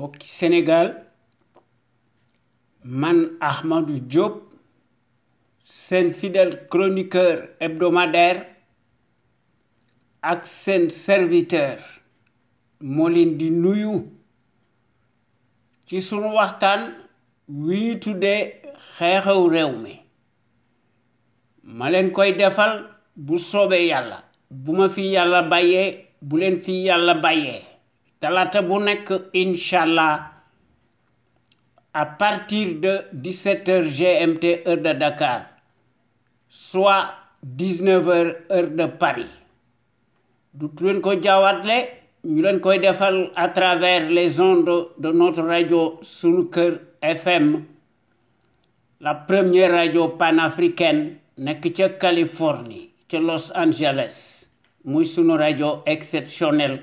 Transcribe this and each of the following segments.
Au Sénégal man Ahmadou Diop saint fidèle chroniqueur hebdomadaire accent serviteur molin di nuyu ci sunu waxtaan wi ñu tuddee xew koy defal bu fi yalla baye bu len fi talaata bu à partir de 17h GMT heure de Dakar soit 19h heure de Paris Nous leen ko le ñu koy à travers les ondes de notre radio Sunu cœur FM la première radio panafricaine nek à Californie ci Los Angeles sommes une radio exceptionnelle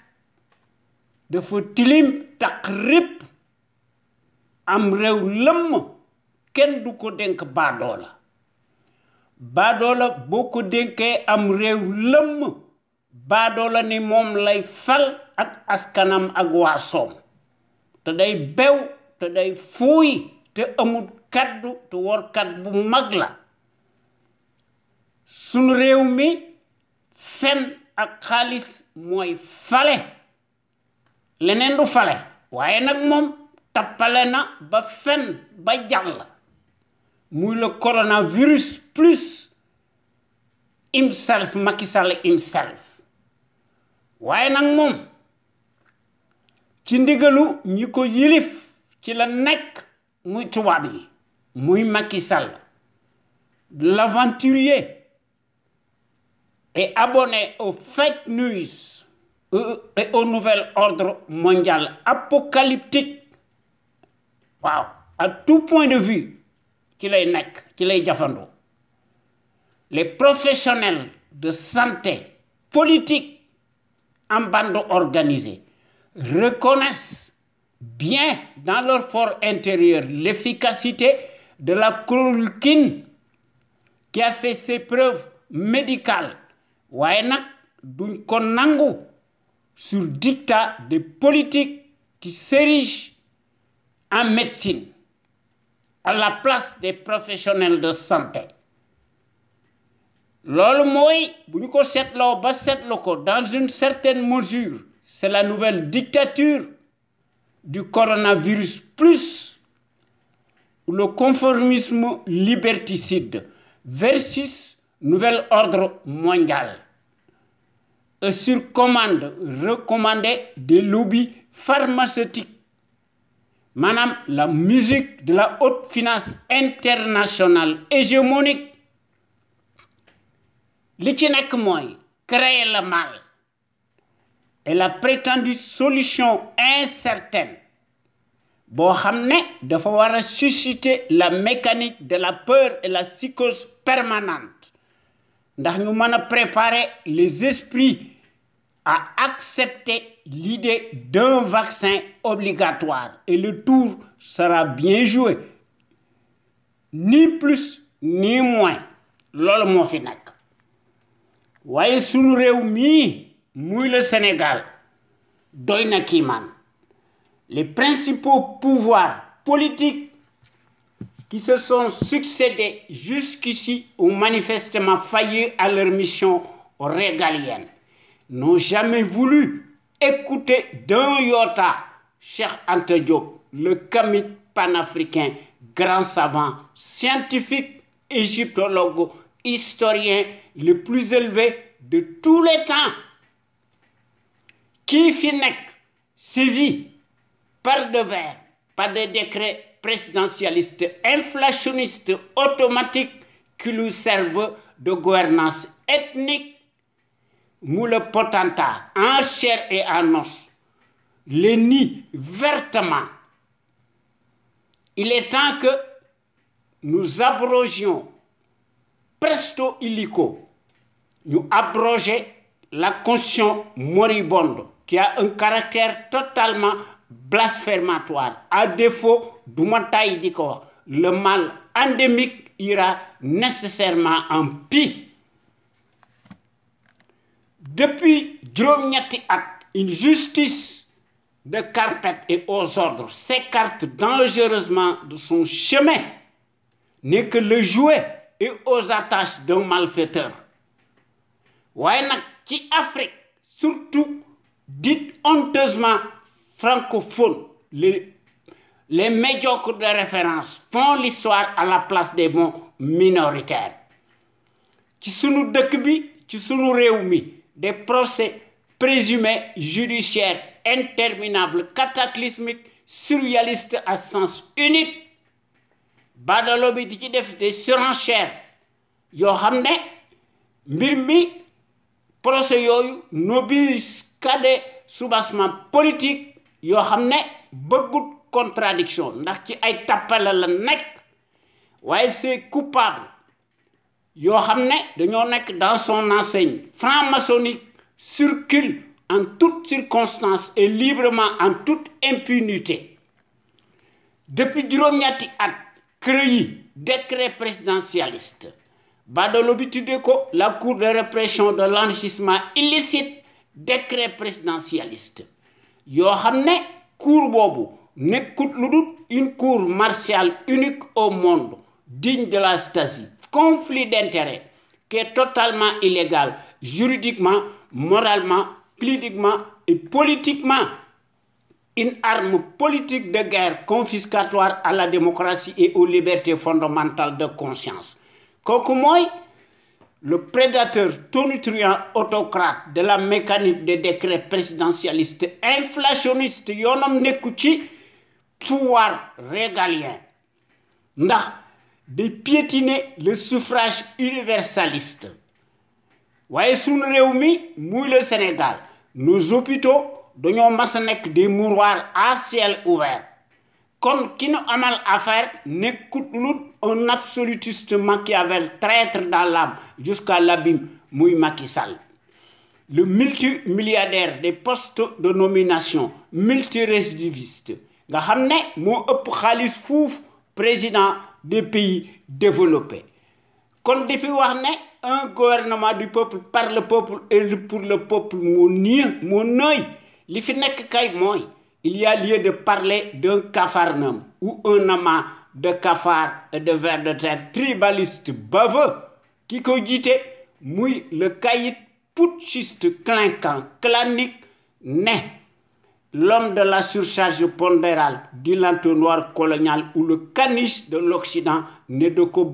De tilim taq rip am rew lëmm kenn du ko dénk Badola badola boo ko dénkee am ni moom lay fal ak askanam ak Today te day bew te day fuuy te amul kaddu te workat bu mag la sunu mi fen ak xaalis fale les du fale waaye nag moom na ba fen ba le coronavirus plus himself makisale himself waaye nag moom ci yilif ci la l'aventurier est abonné aux fake news euh, euh, et au nouvel ordre mondial apocalyptique Wow! à tout point de vue les professionnels de santé politique en bande organisée reconnaissent bien dans leur fort intérieur l'efficacité de la chloroquine qui a fait ses preuves médicales dun sur dictat des politiques qui s'érigent en médecine à la place des professionnels de santé dans une certaine mesure c'est la nouvelle dictature du coronavirus plus le conformisme liberticide versus nouvel ordre mondial euh, sur commande recommandé des lobbies pharmaceutiques Madame, la musique de la haute finance internationale hégémonique l'étienne ci moi créer le mal et la prétendue solution incertaine Bon, de ne dafa susciter la mécanique de la peur et la psychose permanente ndax ñu préparer les esprits a accepté l'idée d'un vaccin obligatoire et le tour sera bien joué. Ni plus ni moins. mouille le Sénégal Kiman. les principaux pouvoirs politiques qui se sont succédés jusqu'ici ont manifestement failli à leur mission régalienne n'ont jamais voulu écouter d'un iota Cher Antonio, le comité panafricain, grand savant, scientifique, égyptologue, historien le plus élevé de tous les temps. Qui fit sévit par de par des décrets présidentialistes, inflationnistes, automatiques qui nous servent de gouvernance ethnique moule potenta, en chair et en os, les nids vertement. Il est temps que nous abrogions presto illico, nous abroger la conscience moribonde qui a un caractère totalement blasphématoire. À défaut du le mal endémique ira nécessairement en pire depuis une justice de carpette et aux ordres s'écarte dangereusement de son chemin n'est que le jouet et aux attaches d'un malfaiteur waaye qui Afrique surtout dite honteusement francophone les les médiocres de référence font l'histoire à la place des bons minoritaires Qui sont nous Qui sont nous des procès présumés judiciaires interminables, cataclysmiques, surréalistes à sens unique Badalobi qui di ci def des surenchères yoo xam procès mbir yo procès soubassement politique Yo xam ne contradiction ndax ci ay tappale la nek, c'est coupable Yohanné xam dans son enseigne franc-maçonnique circule en toutes circonstances et librement en toute impunité depuis Jérôme ñatti at décret présidentialiste de l'habitude la cour de répression de l'enrichissement illicite décret présidentialiste Yohanné, cour bobu une cour martiale unique au monde digne de la Stasi conflit d'intérêts qui est totalement illégal juridiquement, moralement, politiquement et politiquement. Une arme politique de guerre confiscatoire à la démocratie et aux libertés fondamentales de conscience. Kokumoy, le prédateur tonitruant autocrate de la mécanique des décrets présidentialistes inflationnistes, yonom nekuchi, pouvoir régalien. Ndak, de piétiner le suffrage universaliste Vous voyez, le Sénégal nos hôpitaux nous sommes des mouroirs à ciel ouvert kon ki mal à faire n'écoute un absolutiste machiavel traître dans l'âme jusqu'à l'abîme Mouy Macky le multimilliardaire des postes de nomination multiresidiviste, nga a ne président des pays développés Quand on un gouvernement du peuple par le peuple et pour le peuple mon oeil. mon œil, il y a lieu de parler d'un cafarnum ou un amas de cafards et de vers de terre tribalistes baveux qui cogitaient, dit le caïd putschiste clinquant clanique l'homme de la surcharge pondérale du l'entonnoir colonial ou le caniche de l'Occident n'est de qu'au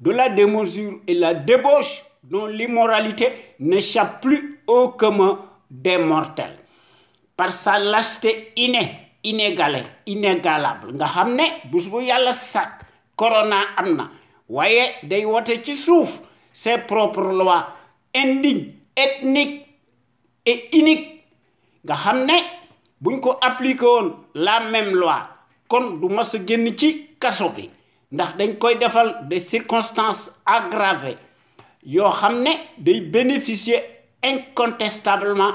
de la démesure et la débauche dont l'immoralité n'échappe plus au commun des mortels. Par sa lâcheté innée, inégalée, inégalable, vous corona Anna, voyez des day qui ci ses propres lois indignes, ethniques et iniques nga buñ ko la même loi comme du ma sa génn ci des circonstances aggravées il xam bénéficier incontestablement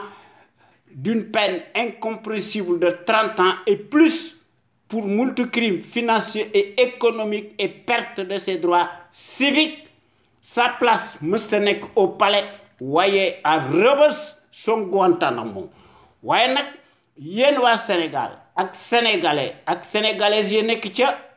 d'une peine incompressible de 30 ans et plus pour multi crimes financiers et économiques et perte de ses droits civiques sa place me au palais waaye à son Guantanamo yéen waa Sénégal ak sénégalais ak Sénégalais yi nekk ca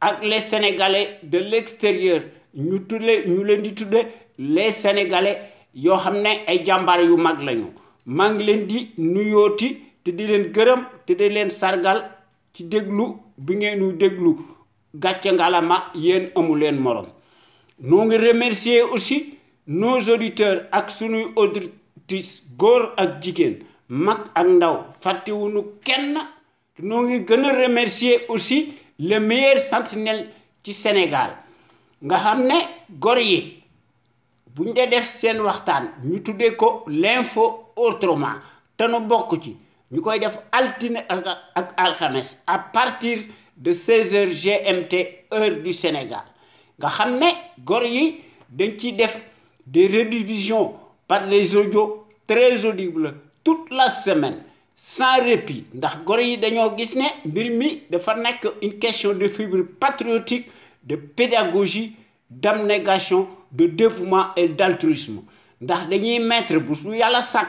ak les sénégalais de l'extérieur ñu tuddee ñu leen di tuddee les sénégalais yoo xam ne ay jàmbaar yu mag lañu maa ngi leen di nuyooti te di leen gërëm te di leen sargal ci déglu bi ngeen déglu yen ngalama yéen amu leen morom ngi remercier aussi nos auditeurs ak sunuy auditrices góor ak jigéen mak ak ndaw fàttewuñu kenn noo ngi gën a remercier aussi le meilleur sentinelle ci Sénégal nga xam ne gor yi buñ dee def seen waxtaan ñu tuddee ko l'info autrement te nu bokk ci ñu koy def altine ak alxames à partir de 16h GMT heure du Sénégal nga xam ne gor yi dañ ci def des rediffusions par les audios très audibles toute la semaine sans répit ndax de yi dañoo une question de fibre patriotique de pédagogie d'abnégation de dévouement et d'altruisme ndax dañuy mettre à à sac,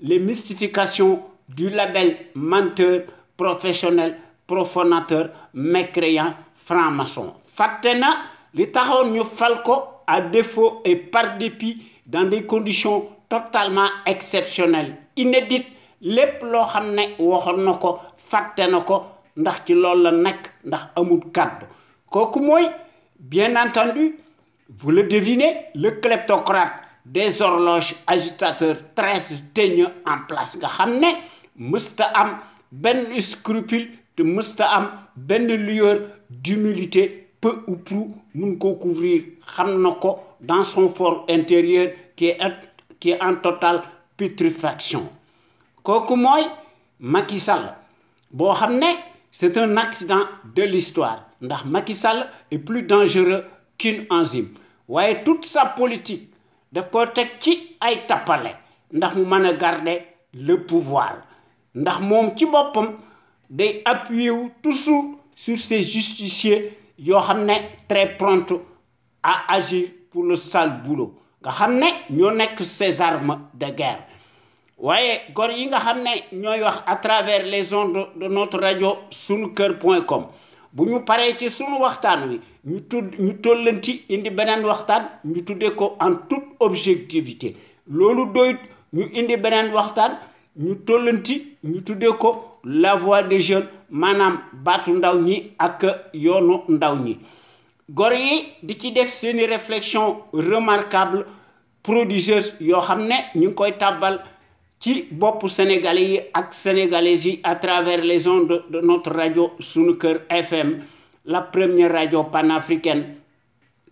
les mystifications du label menteur professionnel profanateur mécréant franc-maçon Fatena, na li à défaut et par dépit dans des conditions totalement exceptionnel, inédite Les lo xamné ko ndax ci loolu la nekk ndax bien entendu vous le devinez le kleptocrate des horloges agitateurs très teigneux en place nga scrupule de d'humilité peu ou prou couvrir dans son fort intérieur qui est qui est en totale putréfaction Macky c'est un accident de l'histoire ndax Macky est plus dangereux qu'une enzyme Ouais, toute sa politique de côté qui ci ay appelé' ndax le pouvoir Nous avons appuyé tous toujours sur ces justiciers qui sont très prompt à agir pour le sale boulot nous nous ne ces armes de guerre Vous voyez, nous nga nous à travers les ondes de notre radio, sunu Si nous parlons de ñu paree nous sunu waxtaan wi ñu tudd ñu tollanti indi ñu en toute objectivité ñu indi ñu ñu la voix des jeunes manam Batundaouni, ndaw ñi ak gor yi di ci def réflexion remarquable prodigieuse yoo xam ne ñu ngi koy tàbbal ci sénégalais ak à travers les ondes de notre radio sunu FM la première radio panafricaine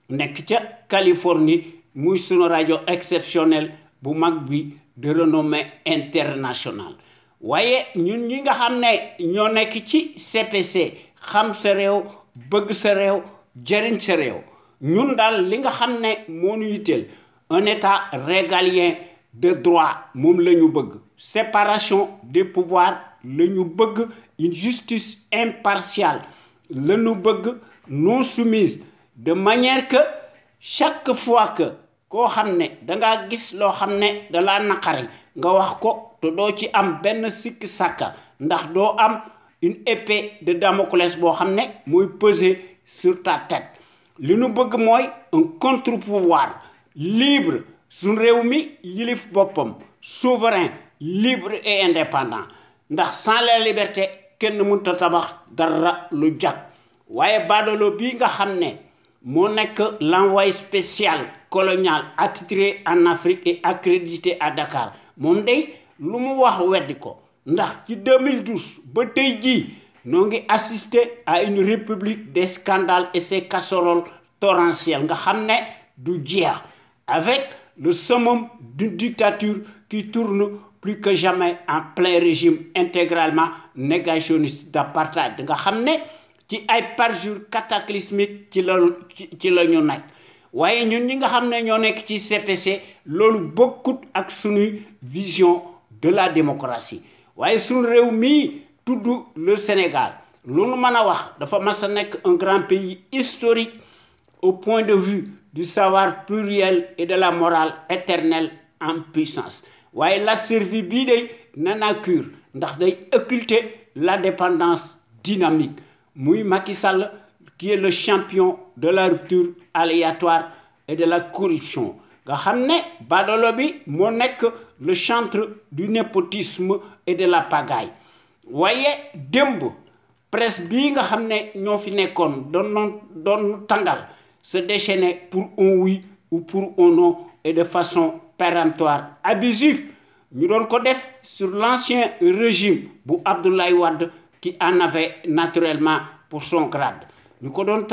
nekk ca Californie muy sunu radio exceptionnel bu mag bi de renommée internationale waaye ñun ñi nga xam ne ñoo ci CPC xam sa réew bëgg sa réew jëriñ sa réew ñun daal li nga xam ne moo ñu yitteel un état régalien de droit moom la ñu bëgg séparation des pouvoirs la ñu bëgg une justice impartiale la ñu bëgg non soumise de manière que chaque fois que koo xam ne dangaa gis loo xam ne dalaa naqari nga wax ko te doo ci am benn sikki sàkka ndax doo am une épée de Damoclès boo xam ne mooy peser sur ta tête li nu bëgg mooy un contre-pouvoir libre souverain libre et indépendant ndax sans la liberté kenn ne peut se dara lu jag waaye baadolo bii nga xam ne moo nekk l'envoyé spécial colonial attitré en Afrique et accrédité à Dakar moom day lu mu wax ndax ci 2012 ba tey nous avons assisté à une république des scandales et ses casseroles torrentielles nga avons du avec le summum d'une dictature qui tourne plus que jamais en plein régime intégralement négationniste d'apartheid nga avons qui ci ay jour par ci la ci la ñu nous waaye ñun ñi nga CPC loolu beaucoup ak vision de la démocratie waaye suñu réew mii le Sénégal lu un grand pays historique au point de vue du savoir pluriel et de la morale éternelle en puissance Waye la servi cure ndax occulter la dépendance dynamique muy Macky qui est le champion de la rupture aléatoire et de la corruption nga xamné le chantre du népotisme et de la pagaille waaye voyez, presse bi nga xam ñoo fi se déchaîner pour un oui ou pour un non et de façon péremptoire abusive ñu doon ko sur l'ancien régime bu Abdoulaye Wade qui en avait naturellement pour son grade Nous ko doon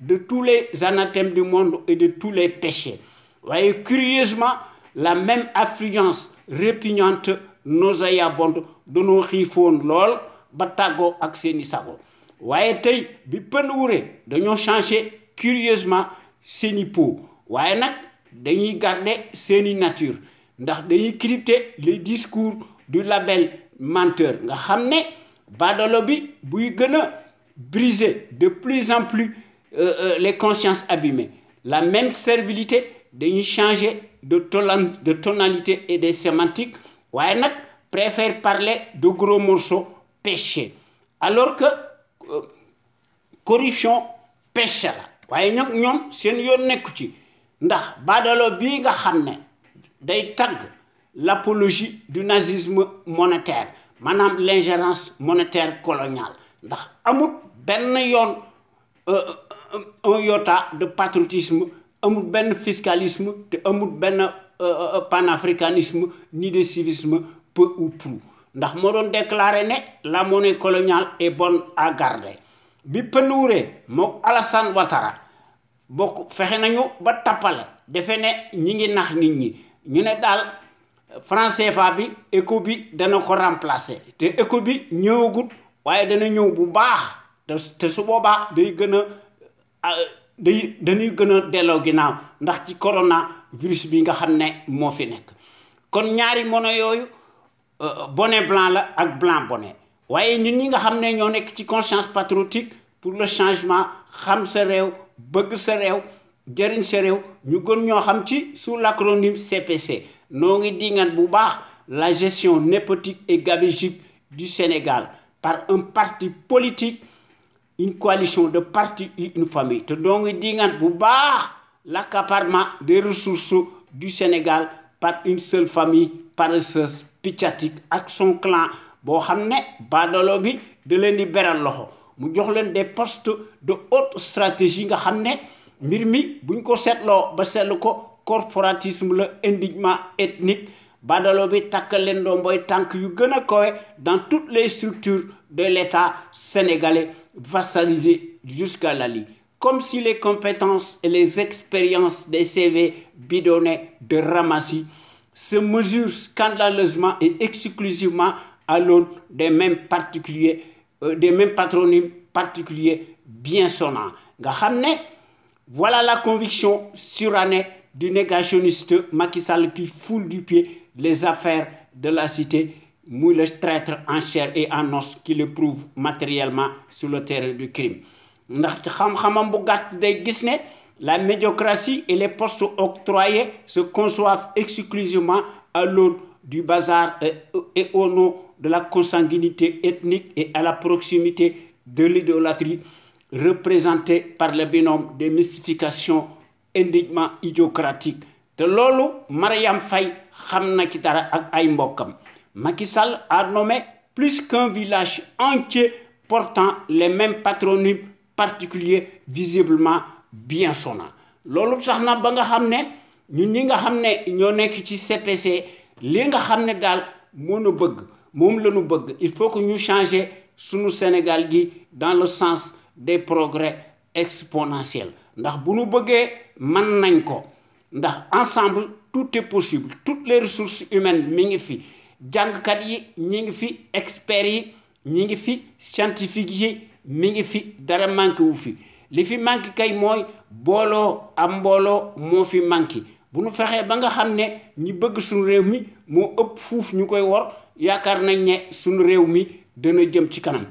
de tous les anathèmes du monde et de tous les péchés Voyez, curieusement la même affluence répugnante nooseya bont danoo xiifoon lol ba tàggoo ak seni sago waye tey bi pen wuré dañoo changer curieusement seeni peau waye nak dañuy garder seni nature ndax dañuy crypter les discours du label menteur nga xamné badolo bi buy briser de plus en plus euh, euh, les consciences abîmées la même servilité dañuy changer de tonalité et de sémantique waye préfèrent préfère parler de gros morceaux pêchés alors que euh, corruption la corruption, ñom ñoom seen yoon nekku ci ndax badalo bi nga xamné day tag l'apologie du nazisme monétaire manam l'ingérence monétaire coloniale ndax amut ben yoon euh, euh, un yota de patriotisme amut ben fiscalisme te amut ben euh, euh, panafricanisme ni de civisme peu ou prou ndax mo déclaré la monnaie coloniale est bonne à garder bi penouré mo Alassane Ouattara bok fexé nañu ba tapal défé né ñi ngi nax nit ñi ñu né dal des CFA bi éco bi dana ko remplacer té éco bi nous dana ñëw bu baax té su boba day gëna euh, day dañuy gëna délo ginaaw ndax ci corona virus bi nga xam ne Quand fi euh, bonnet blanc la ak blanc bonnet waaye ñun ñi nga conscience patriotique pour le changement xam sa réew sous l'acronyme CPC noo ngi la gestion népotique et gabégique du Sénégal par un parti politique une coalition de partis une famille te peu ngi bu l'accaparement des ressources du Sénégal par une seule famille paresseuse piccatique avec son clan boo xam Badalobi, de bi da des postes de haute stratégie nga xam Mirmi, buñ ko corporatisme le ethnique Badalobi, bi takkal dans toutes les structures de l'État sénégalais vassalisé jusqu'à la comme si les compétences et les expériences des CV bidonnés de Ramassi se mesurent scandaleusement et exclusivement à l'aune des mêmes particuliers, euh, des mêmes patronymes particuliers bien sonnants. voilà la conviction surannée du négationniste Macky Sall qui foule du pied les affaires de la cité, mouille le traître en chair et en os qui le prouve matériellement sur le terrain du crime la médiocratie et les postes octroyés se conçoivent exclusivement à l'aune du bazar et au nom de la consanguinité ethnique et à la proximité de l'idolâtrie représentée par le binôme des mystifications indignement idiocratiques te l'olu, Mariam Faye xam Kitara ci ak a nommé plus qu'un village entier portant les mêmes patronymes particulier visiblement bien sonnant loolu sax na ba nga xamne ñun ñi nga xamne ño nekk ci CPC li nga xamne dal daal nu bëgg il faut que ñu changer suñu Sénégal gi dans le sens des progrès exponentiels ndax bu nu man nañ ko ndax ensemble tout est possible toutes les ressources humaines mi ngi fi jàngkat yi ñi ngi fi experts yi ñi ngi fi scientifique yi Mingi fi dara manki wu fi li fi manki kay moy bolo am bolo mo fi manki bu nu fexee ba nga xam ne ñi bëgg suñu réew mi moo ëpp fuuf wor yaakar nañ ne suñu jëm ci kanam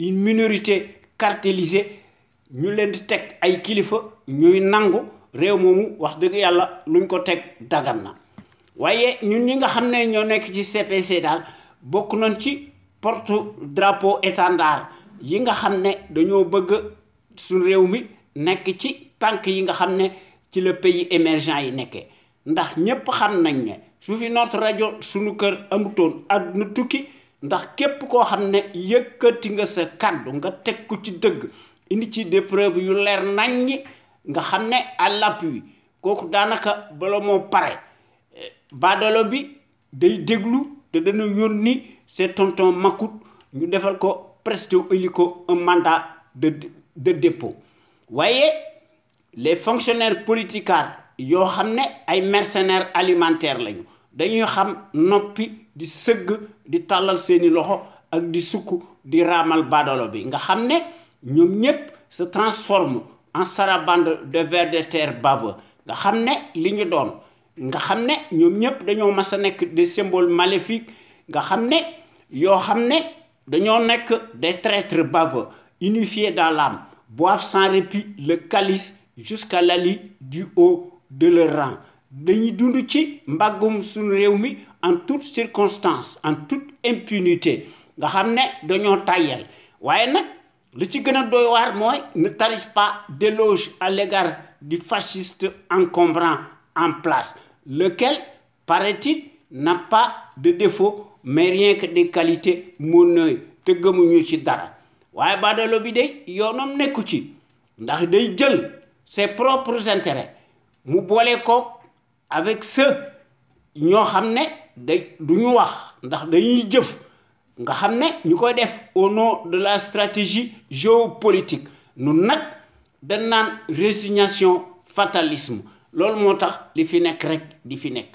une minorité cartélisée ñu leen di tek ay kilifa ñuy nangu réew moomu wax dëgg yàlla luñ ko teg dagan na ñun ñi nga ci CPC ci porte drapeau étendard yi nga xam ne dañoo bëgg tanki réew mi ci tànk yi nga xam ci le pays émergent yi nekkee ndax ñépp xam nañ ne su fi notre radio suñu kër amutoon àdduna tukki ndax képp koo xam ne yëkkati nga sa kàddu nga teg ko ci dëgg indi ci des preuves yu leer nañ nga xam à l'appui kooku daanaka bala moo pare eh, baadalo bi day déglu te dana yónni c'est tonton Makout nous devons ko un mandat de de dépôt voyez, les fonctionnaires politiques Yo sont mercenaires alimentaires Ils dañuy xam di di loxo ak di di se transforme en sarabande de vers de terre bave nga des symboles maléfiques nga xam ne yoo xam ne des traîtres baveux unifiés dans l'âme boivent sans répit le calice jusqu'à l'ali du haut de leur rang dañuy dund ci mbàggum suñu réew en toute circonstance en toute impunité nga xam ne dañoo tàyyel waaye nag li ci gën a doy waar mooy ne taris pas déloge à l'égard du fasciste encombrant en place lequel paraît-il n'a pas de défaut mais rien que des qualités mu nooy te gëmuñu ci dara Waye baadoolo bi day yoonam nekku ci ndax day jël ses propres intérêts mu bolé ko avec ceux ño xamné ne day duñu wax ndax dañuy jëf nga xamné ñukoy def au nom de la stratégie géopolitique nun nak dañ naan résignation fatalisme lool motax li fi nekk rek di fi nekk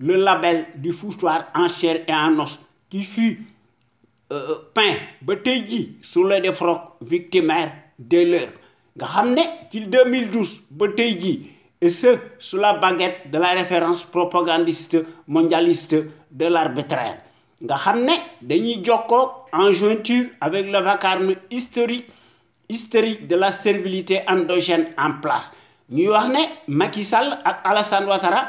le label du foutoir en chair et en os qui fut euh, peint ba sous le défroque victimaire de l'heure nga qu'il 2012 ba et ce sous la baguette de la référence propagandiste mondialiste de l'arbitraire nga Denis Djoko en jointure avec le vacarme historique historique de la servilité endogène en place ñuy wax Macky Sall Alassane Ouattara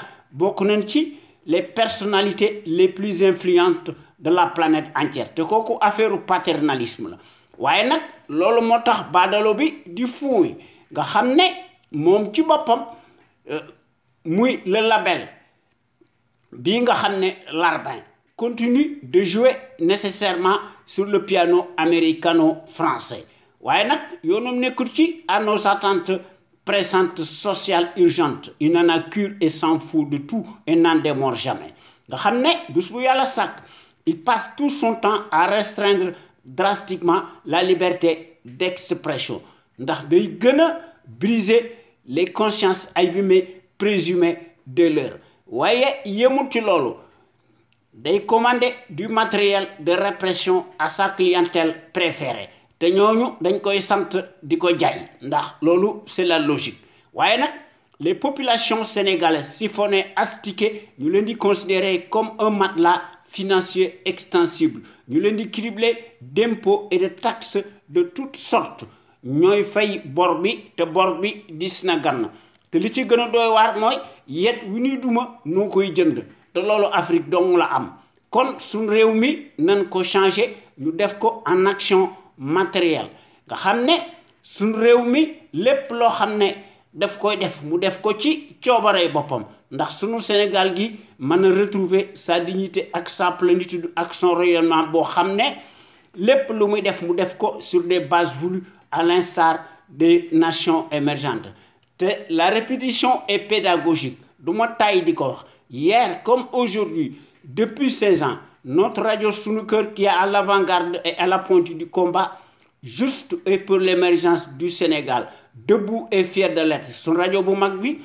les personnalités les plus influentes de la planète entière C'est une affaire paternalisme la waaye C'est bi di nga que euh, le label the nga continue de jouer nécessairement sur le piano américano-français waaye nak yoonam nekkul ci à nos attentes Présente, sociale urgente il n'en a cure et s'en fout de tout et n'en démord jamais il passe tout son temps à restreindre drastiquement la liberté d'expression Il briser les consciences abîmées présumées de l'heure Il yemul ci du matériel de répression à sa clientèle préférée té ñooñu dañ koy sant di ko jaay ndax loolu c'est la logique waaye nag les populations sénégalaises siphonées astiquées ñu leen di considérer comme un matelas financier extensible ñu leen di cribler d'impôts et de taxes de toutes sortes ñooy fay bor bi te bor bi dis na gann te li ci gën a doy waar mooy yet wi ñuy duma noo koy jënd te loolu Afrique dong la am kon suñ réew mi nan ko changer ñu def ko en action matériel nga xamné sun réew mi lépp loo xam ne daf koy def mu def ko ci boppam ndax sunu Sénégal gi retrouver sa dignité sa plénitude ak son rayonnement ne lu muy sur des bases voulues à l'instar des nations émergentes la répétition est pédagogique du ma tay di ko hier comme aujourd'hui depuis 16 ans notre radio Sunuker qui est à l'avant-garde et à la pointe du combat, juste et pour l'émergence du Sénégal. Debout et fier de l'être. Son radio Boumagbi,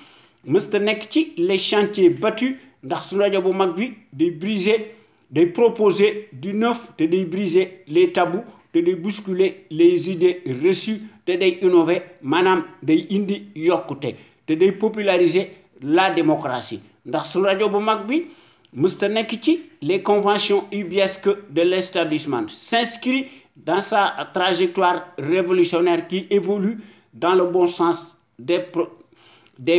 Mr. Nekti, les chantiers battus, dans son radio Boumagbi, de briser, de proposer du neuf, de briser les tabous, de bousculer les idées reçues, de innover, Madame, de indi yokute, de populariser la démocratie. Dans son radio Boumagbi, M. les conventions ubiesques de l'establishment s'inscrit dans sa trajectoire révolutionnaire qui évolue dans le bon sens des,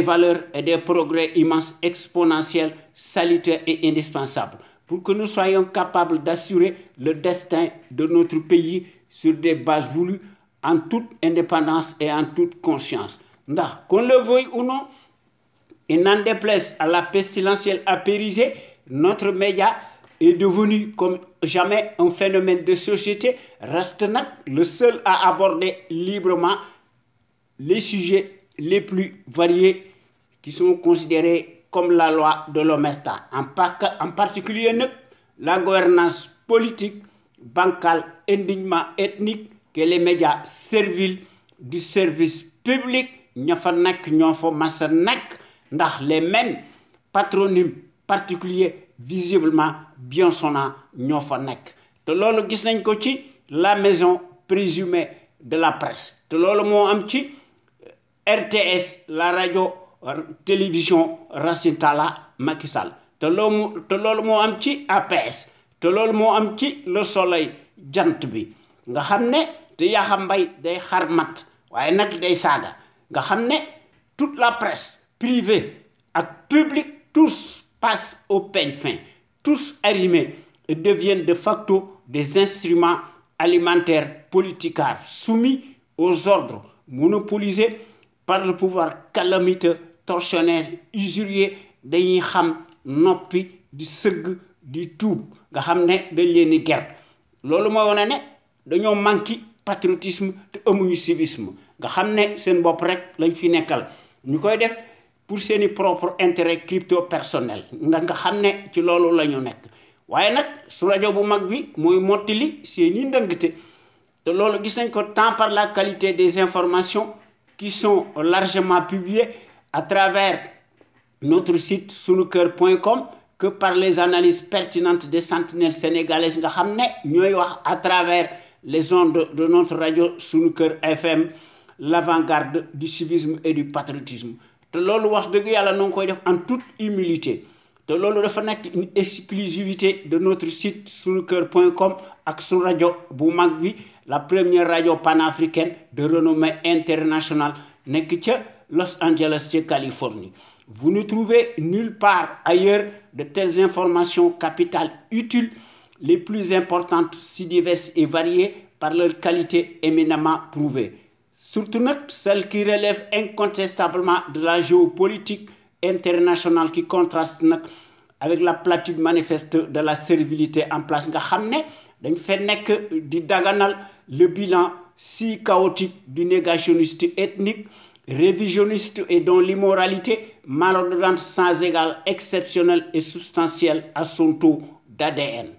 valeurs et des progrès immenses, exponentiels, salutaires et indispensables pour que nous soyons capables d'assurer le destin de notre pays sur des bases voulues en toute indépendance et en toute conscience. Qu'on le veuille ou non, il n'en déplaise à la pestilentielle apérisée, notre média est devenu comme jamais un phénomène de société, reste le seul à aborder librement les sujets les plus variés qui sont considérés comme la loi de l'Omerta, en, particulier la gouvernance politique, bancale, indignement ethnique que les médias serviles du service public, les mêmes patronymes particulier visiblement bien ñoo fa nek te lolu gis nañ ko ci la maison présumée de la presse te lolu mo am ci euh, RTS la radio télévision Racine la Macky Sall te lolu te lolu mo am ci APS te lolu mo am ci le soleil jant bi nga xamne te ya xam bay day mat waye day nga toute la presse privée ak publique tous passent au peigne fin. Tous arrimés et deviennent de facto des instruments alimentaires politiques, soumis aux ordres monopolisés par le pouvoir calamiteux, torsionnaire, usurier de xam Nopi, di seg di Toub, nga xam ne dañ leen di nous nous patriotisme te amuñu civisme nga xam ne seen bopp rek lañ fi pour ses propres intérêts crypto personnels Nous nga xamné ci lolu lañu nek waye nak su bu mag bi tant par la qualité des informations qui sont largement publiées à travers notre site sunuker.com que par les analyses pertinentes des sentinelles sénégalaises nga xamné ñoy à travers les ondes de notre radio Sunuker FM l'avant-garde du civisme et du patriotisme te loolu wax en toute humilité te loolu dafa nekk une exclusivité de notre site sur ak sunu rajo bu la première radio panafricaine de renommée internationale nekk Los Angeles Californie vous ne trouvez nulle part ailleurs de telles informations capitales utiles les plus importantes si diverses et variées par leur qualité éminemment prouvée surtout celle qui relève incontestablement de la géopolitique internationale qui contraste avec la platitude manifeste de la servilité en place nga xamné dañ daganal le bilan si chaotique du négationniste ethnique révisionniste et dont l'immoralité malodorante sans égal exceptionnelle et substantielle à son taux d'ADN.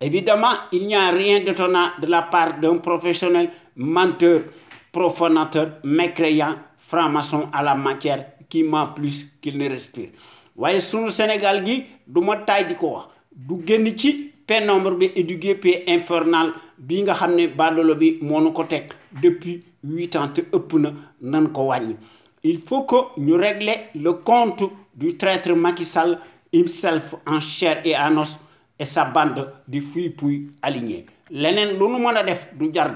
Évidemment, il n'y a rien d'étonnant de la part d'un professionnel menteur profanateur, mécréant, franc-maçon à la matière qui ment plus qu'il ne respire Vous sunu Sénégal gi Sénégal, ma y a ko wax du génn ci pénombre bi éduqué paix infernal je nga xam ne depuis 8 ans il faut que nous réglions le compte du traître Macky Sall himself en chair et en os et sa bande de fouilles-pouilles alignées. Nous lu nu mën def du jar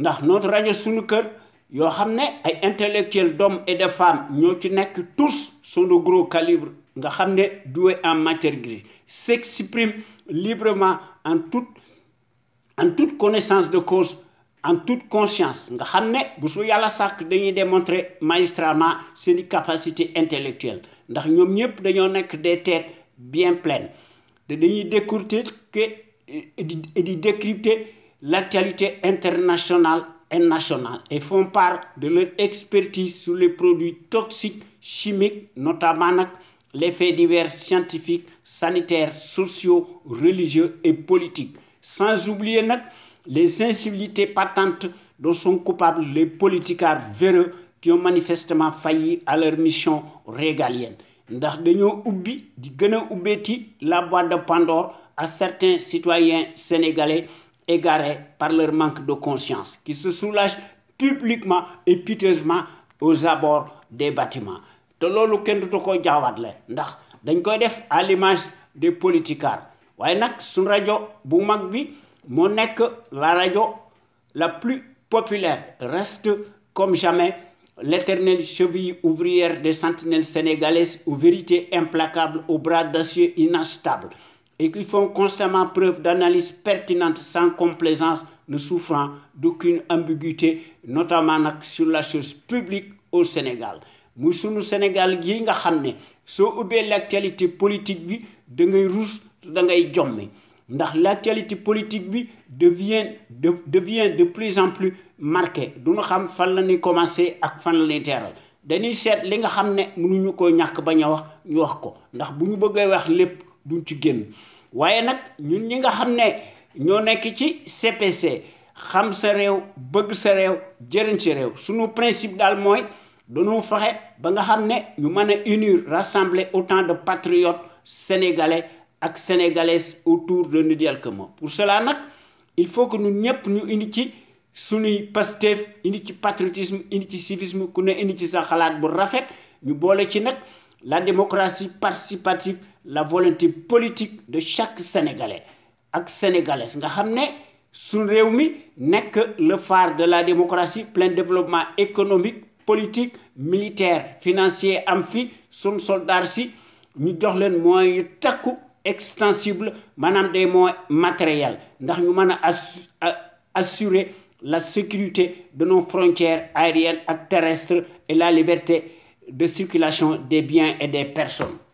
ndax notre rajo suñu kër yoo xam intellectuels d'hommes et de femmes ñoo ci tous sont de gros calibre nga xam doués en matière grise s'expriment librement en toute en toute connaissance de cause en toute conscience nga xam ne bu su yàlla sàkk dañuy démontrer magistralement intellectuelles. capacité intellectuelle ndax ñoom ñëpp dañoo nekk des têtes bien pleines de dañuy et décrypter l'actualité internationale et nationale et font part de leur expertise sur les produits toxiques chimiques, notamment les faits divers scientifiques, sanitaires, sociaux, religieux et politiques. Sans oublier les sensibilités patentes dont sont coupables les politicards véreux qui ont manifestement failli à leur mission régalienne. ndax avons oublié la boîte de Pandore à certains citoyens sénégalais égarés par leur manque de conscience, qui se soulagent publiquement et piteusement aux abords des bâtiments te ce que nous avons dit, à l'image des politiciens. la la radio la plus populaire reste comme jamais l'éternelle cheville ouvrière des sentinelles sénégalaises aux vérités implacables aux bras d'acier inachetables et qui font constamment preuve d'analyse pertinente sans complaisance, ne souffrant d'aucune ambiguïté, notamment sur la chose publique au Sénégal Nous sommes au Sénégal nous nga xam l'actualité politique bi da ngay l'actualité politique devient de plus en plus marquée Nous savons xam fan la ñuy commencer ak fan la ñuy teeral Nous li nga ne mënuñu ko ñak bañ wax ñu wax ko ndax duñ ci génn waaye ñun ñi nga ne CPC bëgg sa suñu principe daal ñu rassembler autant de patriotes sénégalais ak sénégalaises autour de pour cela il faut que ñun ñëpp ñu indi ci indi ci patriotisme indi ci civisme ku indi ci sa xalaat bu rafet ñu ci la démocratie participative la volonté politique de chaque sénégalais ak Sénégalaises. nga le phare de la démocratie plein développement économique politique militaire financier amphi, son soldat si ñu jox moyens extensible des moyens matériels ndax assurer la sécurité de nos frontières aériennes et terrestres et la liberté de circulation des biens et des personnes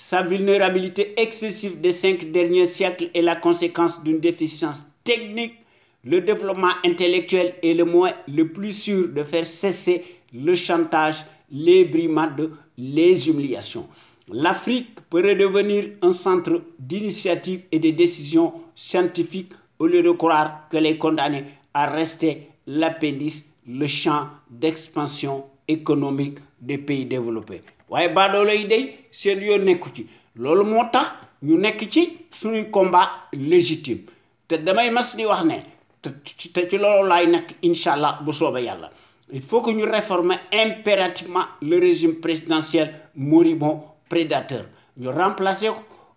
Sa vulnérabilité excessive des cinq derniers siècles est la conséquence d'une déficience technique. Le développement intellectuel est le moyen le plus sûr de faire cesser le chantage, les brimades, les humiliations. L'Afrique pourrait devenir un centre d'initiative et de décisions scientifiques au lieu de croire que les condamnés à rester l'appendice, le champ d'expansion économique des pays développés waaye baadoolo lay dey sen yo nekku ci loolu moo ñu nekk ci suñu combat légitime te damay mas di wax ne te ci lolou lay nekk inshallah bu soba yalla il faut que ñu réformer impérativement le régime présidentiel moribond prédateur ñu remplacer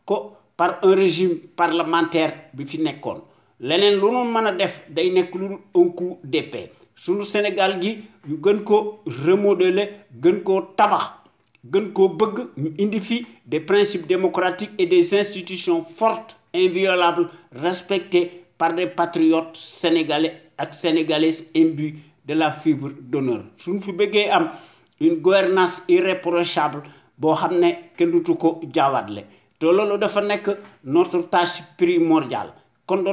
ko par un régime parlementaire bi fi nekkoon leneen lu ñu mëna def day nekk lu un coup d'épée suñu Sénégal gi ñu gën ko remodeler gën ko tabax gën koo bëgg ñu des principes démocratiques et des institutions fortes inviolables respectées par des patriotes sénégalais ak sénégalaises imbus de la fibre d'honneur Nous fi am une gouvernance irréprochable boo xam ne kenn dutu ko te notre tâche primordiale kon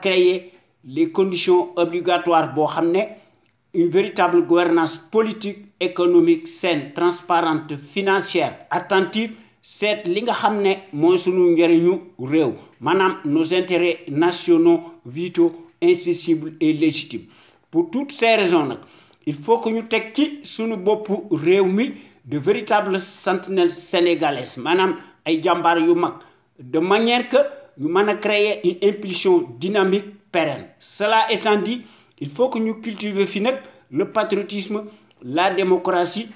créer les conditions obligatoires boo xam une véritable gouvernance politique, économique, saine, transparente, financière, attentive, c'est li nga nous ne mooy nos intérêts nationaux vitaux incessibles et légitimes pour toutes ces raisons il faut que nous mettions ci le pour de véritables sentinelles sénégalaises Madame ay de manière que nous avons créer une impulsion dynamique pérenne cela étant dit il faut que nous cultivions le patriotisme la démocratie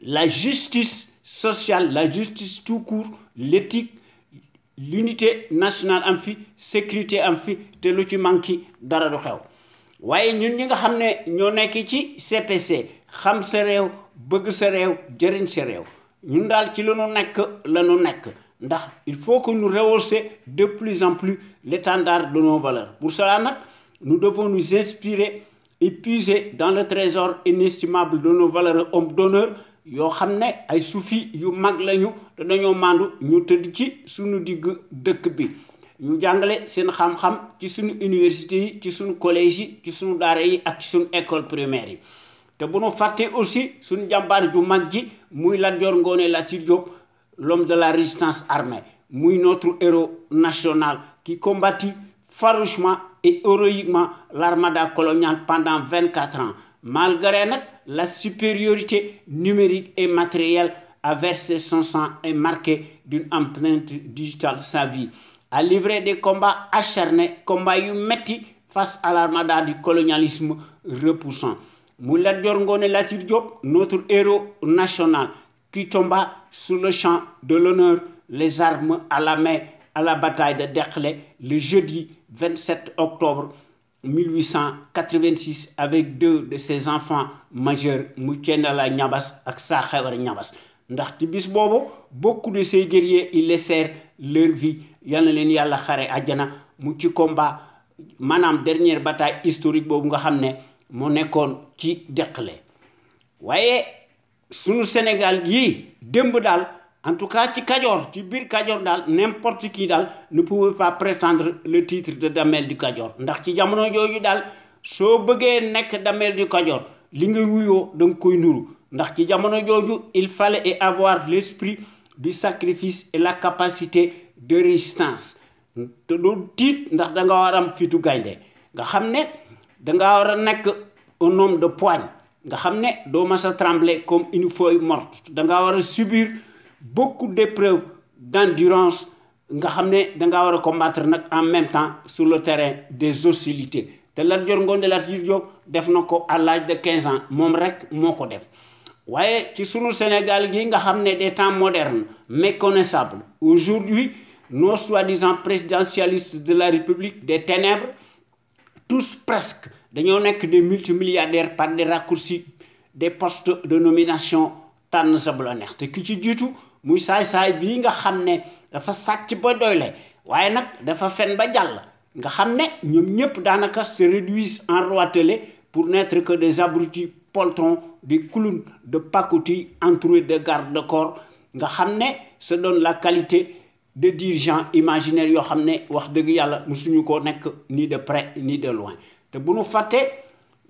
la justice sociale la justice tout court l'éthique l'unité nationale am fi sécurité am fi de lu ci manqué dara du xew waaye ñun ñi nga xam ñoo nekk ci CPC xam sa réew bëgg sa réew jëriñ sa réew ñun daal ci la ñu nekk la ñu nekk ndax il faut que nous rehausser de plus en plus l'étendard de nos valeurs pour cela avons nous devons nous inspirer et puiser dans le trésor inestimable de nos valeurs hommes d'honneur Yo xamne ay soufi yu mag lañu te dañoo màndu ñu tëdd ci suñu digg dëkk bi ñu jàngale seen xam-xam ci suñu université yi ci suñu collège yi ci suñu daara yi ak ci suñu école primaire yi te bu nu aussi suñu jàmbaar ju mag ji muy Lat Dior Ngoné Latyr l'homme de la résistance armée muy notre héros national qui combattit farouchement et héroïquement l'armada coloniale pendant 24 ans, malgré la supériorité numérique et matérielle a versé son sang et marqué d'une empreinte digitale sa vie, a livré des combats acharnés, combats humétiques face à l'armada du colonialisme repoussant. Moulad Diorngone Latir notre héros national, qui tomba sur le champ de l'honneur, les armes à la main, à la bataille de Dekhle, le jeudi 27 octobre 1886 avec deux de ses enfants majeurs Moutiendala la nyabas ak Sakhewar nyabas ndax beaucoup de ces guerriers ils laissèrent leur vie yana y a des xare qui ont combat dernière bataille historique boobu nga mon ne qui déclare ci voyez, sous sunu Sénégal a démb en tout cas, ci Kajor, ci bir Kajor dal, n'importe qui dal ne pouvait pas prétendre le titre de damel du Kajor. Ndax ci jamono joju dal so beugé nek damel du Kajor, li nga wuyo dang koy nuru. Ndax ci jamono joju, il fallait avoir l'esprit du sacrifice et la capacité de résistance. Te do titre ndax da nga waram fitu gaynde. Nga xamné da nga wara nek un homme de poigne. Nga xamné do massa trembler comme une feuille morte. Da nga wara subir beaucoup d'épreuves d'endurance nga avons da combattre en même temps sur le terrain des hostilités te Lat Joor Ngoone à l'âge de 15 ans mom rek moko def Waye ci sunu Sénégal gi nga des temps modernes méconnaissables aujourd'hui nos soi-disant présidentialistes de la République des ténèbres tous presque dañoo que des multimilliardaires par des raccourcis des postes de nomination tan sa bu te ki muy saay-saay bii nga xam ne dafa ba doyle dafa fen ba jàll nga se réduisent en roitelets pour n'être que des abrutis poltrons des clowns de pacotille entourés de garde-corps nga se donne la qualité de dirigeants imaginaire yoo ne wax ni de près ni de loin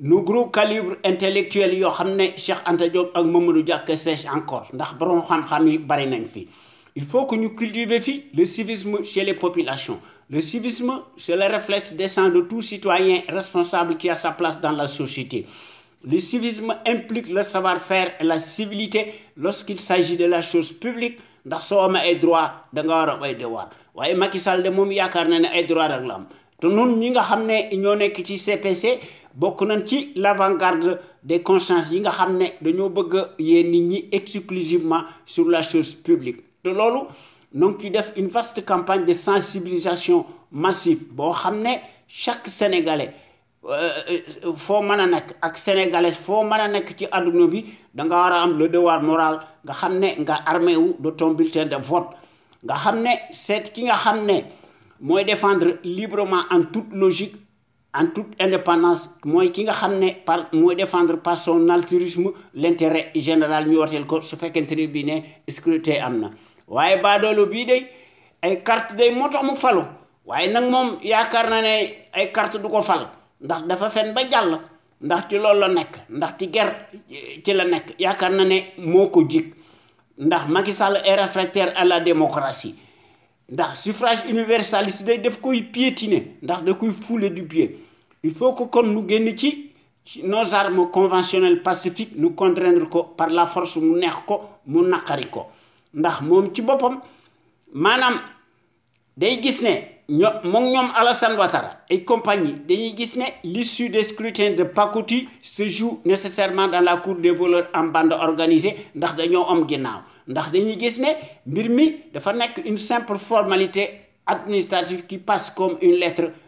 nos gros calibres intellectuels yo xamné Cheikh Anta Diop ak Mamadou que encore ndax borom xam-xam yi bari il faut que nous cultivions le civisme chez les populations le civisme c'est le reflet sens de tout citoyen responsable qui a sa place dans la société le civisme implique le savoir-faire et la civilité lorsqu'il s'agit de la chose publique ndax soo amee ay droit da nga war way Nous devoir waaye Macky Sall de mom yaakaar na ay droit rek la am to noonu ñi nga xamné ñoo ci l'avant-garde des consciences yi nga ne bëgg exclusivement sur la chose publique te loolu une vaste campagne de sensibilisation massive boo xam chaque euh, sénégalais foo mën a ak sénégalais foo mën ci le devoir moral nga xam nga armé wu de vote nga xam ne ki nga défendre librement en toute logique en toute indépendance moy ki nga xamné ne par moy défendre par son altruisme l'intérêt général ñu wartel ko su fekkente ne bii amna waye ba na bi baadoolu day ay carte day motax mu falo. waye nak mom yaakar na né ay carte du ko fal ndax dafa fen ba jall ndax ci loolu la nekk ndax ci ger ci la nekk yaakaar na ne moo ko jig ndax Macky Sall est réfractaire à la démocratie ndax suffrage universaliste day def koy piétiner ndax da koy fouler du pied il faut que quand nous génn nos armes conventionnelles pacifiques nous contraindre par la force mu neex ko mu naqari ko ndax moom ci boppam maanaam day gis ne Alassane Ouattara et compagnie dañuy gis ne l'issue des scrutins de Pakouti se joue nécessairement dans la cour des voleurs en bande organisée ndax dañoo am ginnaaw ndax dañuy gis ne une simple formalité administrative qui passe comme une lettre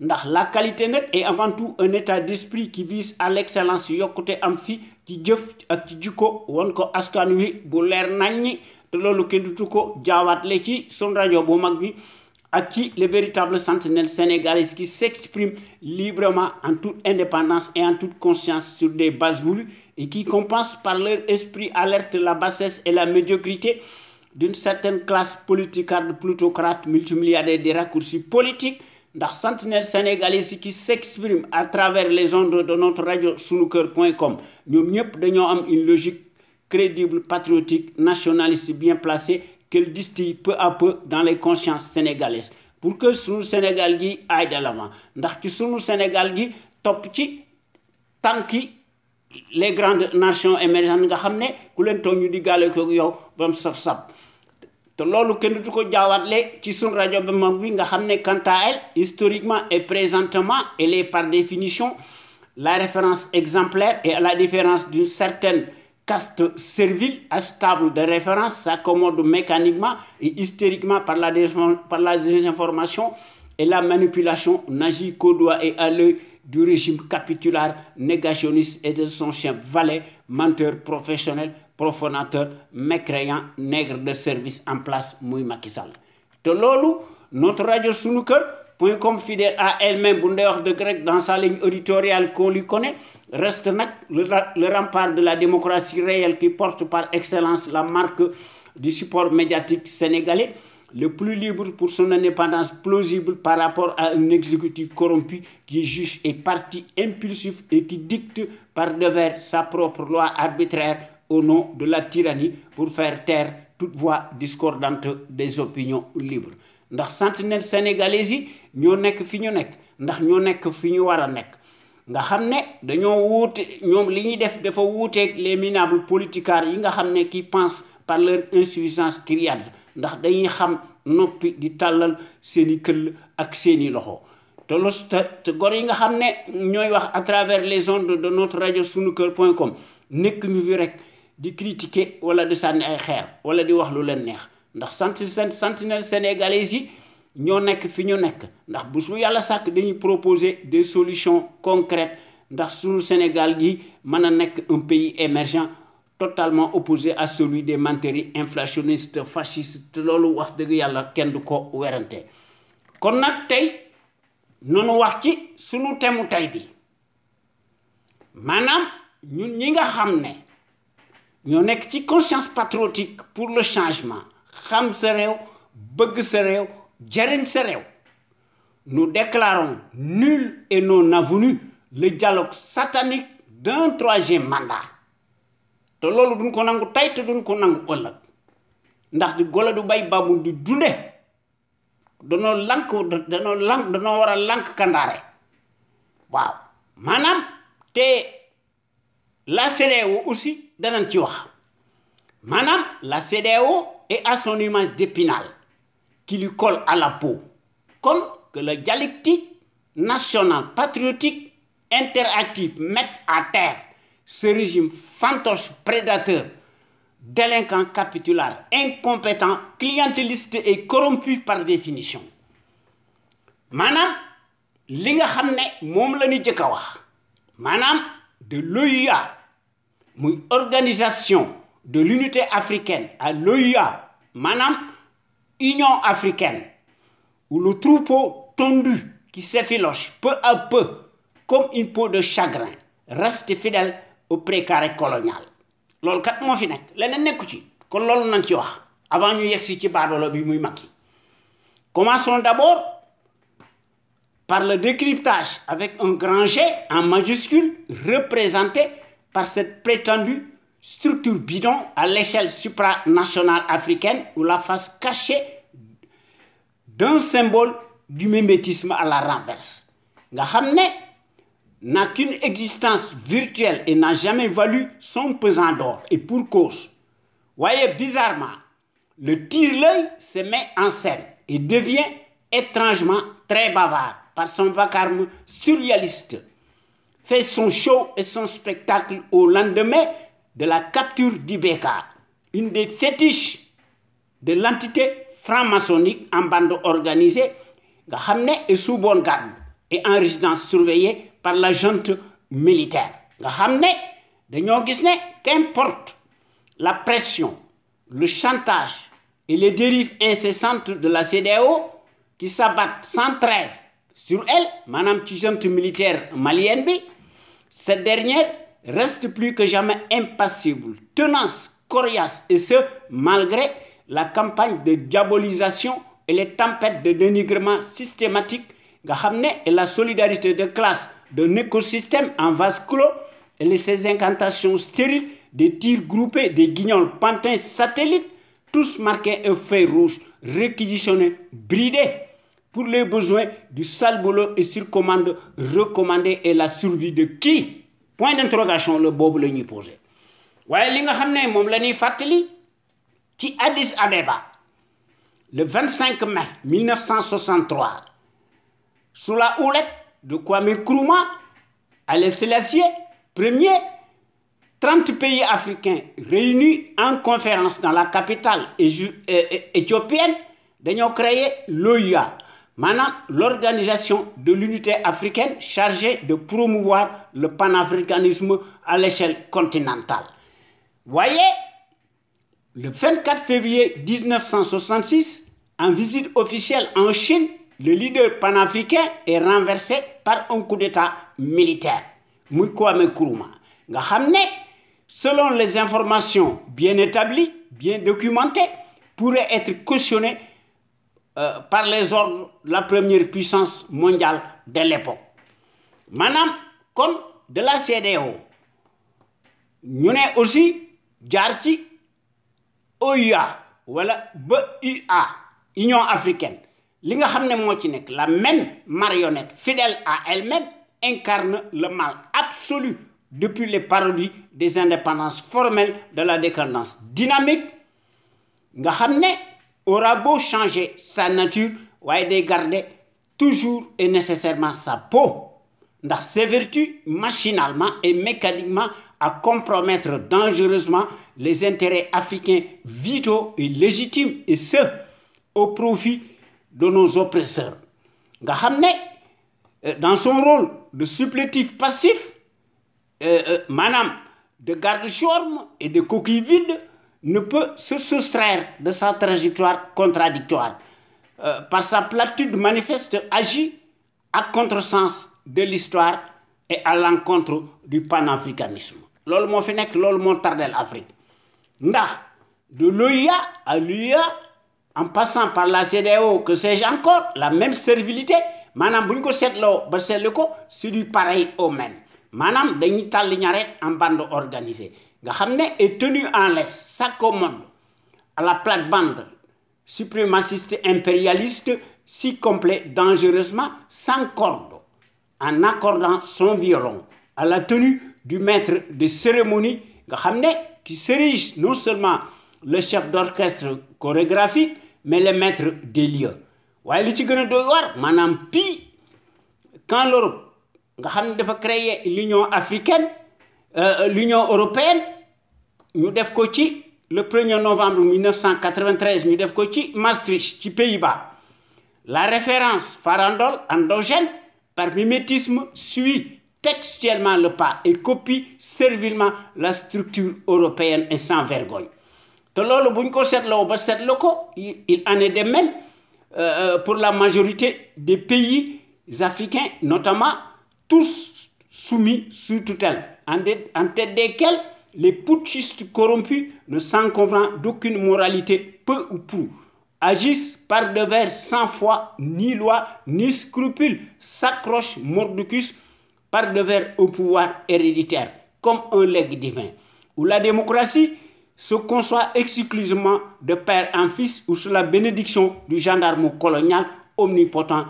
ndax la qualité nak est avant tout un état d'esprit qui vise à l'excellence yokkute am fi ci jëf ak ci jikko won ko askan wi bu ci mag les véritables sentinelles sénégalaises qui s'expriment librement en toute indépendance et en toute conscience sur des bases voulues et qui compense par leur esprit alerte la bassesse et la médiocrité d'une certaine classe politique politicarde plutocrate multimilliardaire des raccourcis politiques ndax centenaire sénégalais qui s'expriment à travers les ondes de notre radio sunukeur.com ñom ñep dañu am une logique crédible patriotique nationaliste bien placée qu'elle distille peu à peu dans les consciences sénégalaises pour que sunu Sénégal gi aille de l'avant ndax ci sunu Sénégal gi top ci tanki les grandes nations émergentes nga xamné ne ku len toog ñu di yow bam te loolu kenn du ko jaawaatle ci suñ rajo bi mag bi nga ne quant à elle historiquement et présentement elle est par définition la référence exemplaire et à la différence d'une certaine caste servile stable de référence s'accommode mécaniquement et hystériquement par la, par la désinformation et la manipulation n'agit qu'au doigt et à l'œil du régime capitulaire négationniste et de son chien valet, menteur professionnel, profondateur, mécréant nègre de service en place Moui Macky Sall notre radio sunu point comme fidèle à elle-même bonheur de grec dans sa ligne éditoriale qu'on lui connaît reste le rempart de la démocratie réelle qui porte par excellence la marque du support médiatique sénégalais le plus libre pour son indépendance plausible par rapport à un exécutif corrompu qui juge et parti impulsif et qui dicte par devers sa propre loi arbitraire au nom de la tyrannie pour faire taire toute voix discordante des opinions libres ndax sentinelle sénégalais yi ñoo nek fiñu nek ndax ñoo nek fiñu wara nek a nga xam ne dañoo wuute ñoom li def dafa wuuteeg les minables politicards yi nga xam ne qui pensent par leur insuffisance criarde ndax dañuy xam nopi di talal seeni keul ak seeni loxo te los te gor yi nga xam ñoy wax à travers les ondes de notre radio sunuker point com nekk ñu fi rek di critiquer wala di sànni ay xeer wala di wax lu leen neex ndax senti sentinelle sénégalais yi ñoo nekk fi ñu nekk ndax bu su yàlla sàkk dañuy proposer des solutions concrètes ndax suñu Sénégal gi mën a nekk un pays émergent totalement opposé à celui des manteries inflationnistes fascistes loolu wax dëgg yàlla kenn du ko werante kon nag tey nunu wax ci sunu temu tey bi maanaam ñun ñi nga xam ne ñoo nekk ci conscience patriotique pour le changement xam sa réew bëgg sa réew jëriñ sa réew nous déclarons nul et non avenu le dialogue satanique d'un troisième mandat te loolu duñ ko nangu tey te duñ ko nangu ëllëg ndax di golo du bay baabu di dunde danoo lank danoo lank danoo war a lank kandaare waaw maanaam te la CEDEAO aussi Madame la CDO est à son image d'épinal qui lui colle à la peau comme que le dialectique national patriotique interactif mette à terre ce régime fantoche prédateur délinquant capitulaire incompétent clientéliste et corrompu par définition Madame, li de l'OIA l'organisation organisation de l'unité africaine à l'OIA, Manam, Union africaine où le troupeau tendu qui s'effiloche peu à peu comme une peau de chagrin reste fidèle au précaré colonial C'est kat que fi veux dire. ci kon avant ñu ci bi commençons d'abord par le décryptage avec un grand G en majuscule représenté par cette prétendue structure bidon à l'échelle supranationale africaine ou la face cachée d'un symbole du mimétisme à la renverse. La n'a qu'une existence virtuelle et n'a jamais valu son pesant d'or et pour cause voyez bizarrement le tire-l'œil se met en scène et devient étrangement très bavard par son vacarme surréaliste fait son show et son spectacle au lendemain de la capture d'Ibeka, une des fétiches de l'entité franc-maçonnique en bande organisée, Gahamne et sous bonne garde et en résidence surveillée par la junte militaire. Gahamne, qu'importe la pression, le chantage et les dérives incessantes de la CDAO qui s'abattent sans trêve sur elle, Madame Tijante militaire malienne, cette dernière reste plus que jamais impassible, tenace, coriace, et ce, malgré la campagne de diabolisation et les tempêtes de dénigrement systématique. Gahamne et la solidarité de classe d'un écosystème en vase clos et ses incantations stériles des tirs groupés des guignols pantins satellites, tous marqués un feu rouge, réquisitionnés, bridés pour les besoins du sale boulot et sur commande recommandé et la survie de qui point d'interrogation le bob le posé li nga vous ne la le 25 mai 1963 sous la houlette de Kwame Nkrumah à premier 30 pays africains réunis en conférence dans la capitale éthiopienne ont créé l'OIA. Maintenant, l'organisation de l'unité africaine chargée de promouvoir le panafricanisme à l'échelle continentale voyez le 24 février 1966 en visite officielle en Chine le leader panafricain est renversé par un coup d'état militaire Mouikouame Kuruma. selon les informations bien établies bien documentées pourrait être cautionné euh, par les ordres de la première puissance mondiale de l'époque Madame, comme de la CDO, nous sommes aussi Djarti Oya, OUA wala BUA Union africaine li nga la même marionnette fidèle à elle-même incarne le mal absolu depuis les parodies des indépendances formelles de la décadence dynamique nga savez aura beau changer sa nature aider à garder toujours et nécessairement sa peau dans ses vertus machinalement et mécaniquement à compromettre dangereusement les intérêts africains vitaux et légitimes et ce au profit de nos oppresseurs Gahamne, euh, dans son rôle de supplétif passif euh, euh, Madame de garde-chorme et de coquille vide ne peut se soustraire de sa trajectoire contradictoire. Euh, par sa platitude manifeste, agit à contresens de l'histoire et à l'encontre du panafricanisme. lol moo fi Montardel, tardel Afrique de l'OIA à l'Uia, en passant par la CDO, que sais-je encore la même servilité Manam bu Setlo, ko c'est du pareil au même Madame, dañuy tàll en bande organisée nga est tenu en laisse s'accommode à la plate-bande suprémaciste impérialiste si complet dangereusement sans corde en accordant son violon à la tenue du maître de cérémonie nga qui s'érige non seulement le chef d'orchestre chorégraphique mais le maître des lieux Vous li ci que doy quand l'Europe a créé créer l'Union africaine euh, euh, l'Union européenne nous def ko le 1er novembre 1993 ñu def ko ci Maastricht ci Pays-Bas la référence farandole endogène par mimétisme suit textuellement le pas et copie servilement la structure européenne et sans vergogne te lolu buñ ko setlo il en est de même euh, pour la majorité des pays africains notamment tous soumis sous tutelle en, tête desquels les putschistes corrompus ne comprennent d'aucune moralité, peu ou prou, agissent par devers sans foi, ni loi, ni scrupule, s'accrochent mordicus par devers au pouvoir héréditaire, comme un legs divin, où la démocratie se conçoit exclusivement de père en fils ou sous la bénédiction du gendarme colonial omnipotent,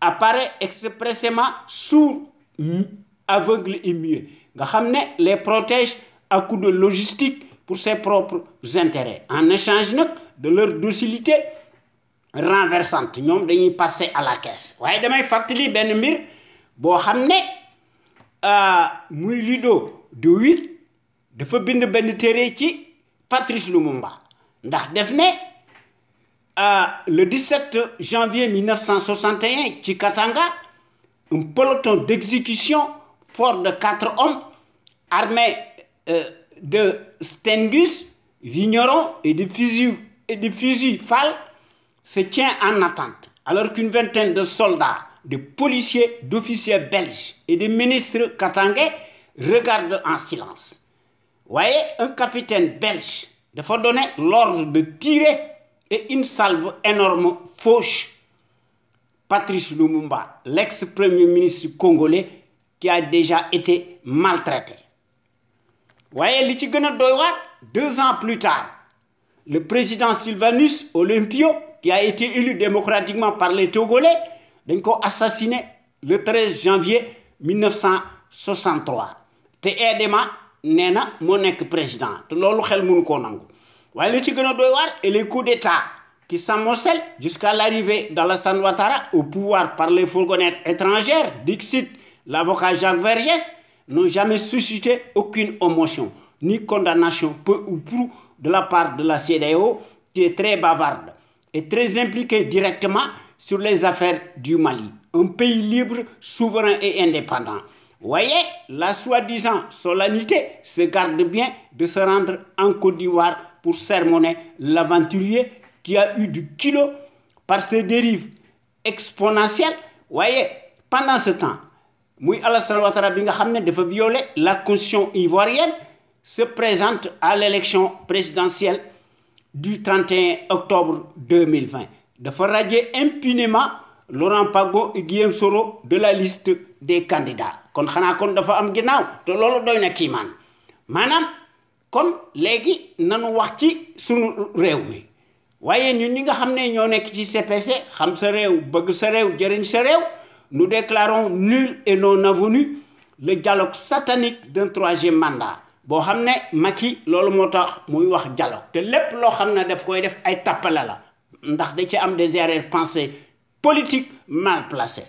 apparaît expressément sous ...aveugles et mieux. nga les protège à coup de logistique pour ses propres intérêts en échange de leur docilité renversante ...ils dañuy passer à la caisse euh, de Patrice Lumumba euh, le 17 janvier 1961 ...à Katanga un peloton d'exécution fort de quatre hommes armés euh, de stengus, vignerons et de fusils, et de fusils FAL se tient en attente, alors qu'une vingtaine de soldats, de policiers, d'officiers belges et de ministres katangais regardent en silence. Voyez, un capitaine belge de donner l'ordre de tirer et une salve énorme fauche. Patrice Lumumba, l'ex-premier ministre congolais, qui a déjà été maltraité. Voyez, voyez, deux ans plus tard le président Sylvanus Olympio qui a été élu démocratiquement par les Togolais a été assassiné le 13 janvier 1963 C'est président et les coups d'État qui s'amoncellent jusqu'à l'arrivée d'Alassane Ouattara au pouvoir par les fourgonnettes étrangères Dixit l'avocat Jacques Vergès, n'a jamais suscité aucune émotion ni condamnation peu ou prou de la part de la CDAO qui est très bavarde et très impliquée directement sur les affaires du Mali, un pays libre, souverain et indépendant. Voyez, la soi-disant solennité se garde bien de se rendre en Côte d'Ivoire pour sermonner l'aventurier qui a eu du kilo par ses dérives exponentielles. Voyez, pendant ce temps, muy Alassane Ouattara bi nga xam dafa violer la constitution ivoirienne se présente à l'élection présidentielle du 31 octobre 2020 dafa radier impunément Laurent Pago et Guillaume Soro de la liste des candidats kon xanaa kon dafa am ginaaw te loolu doyna ki man. Manam kon de nañu wax ci sunu réew mi waaye ñun ñi nga xamné ne ñoo nekk ci CPC xam sa réew bëgg sa réew jëriñ sa réew nous déclarons nul et non avenu le dialogue satanique d'un troisième mandat boo xam ne Macky loolu moo tax dialogue te lépp loo xam ne daf koy def ay tappale la ndax da ci am des erreurs pensées mal placées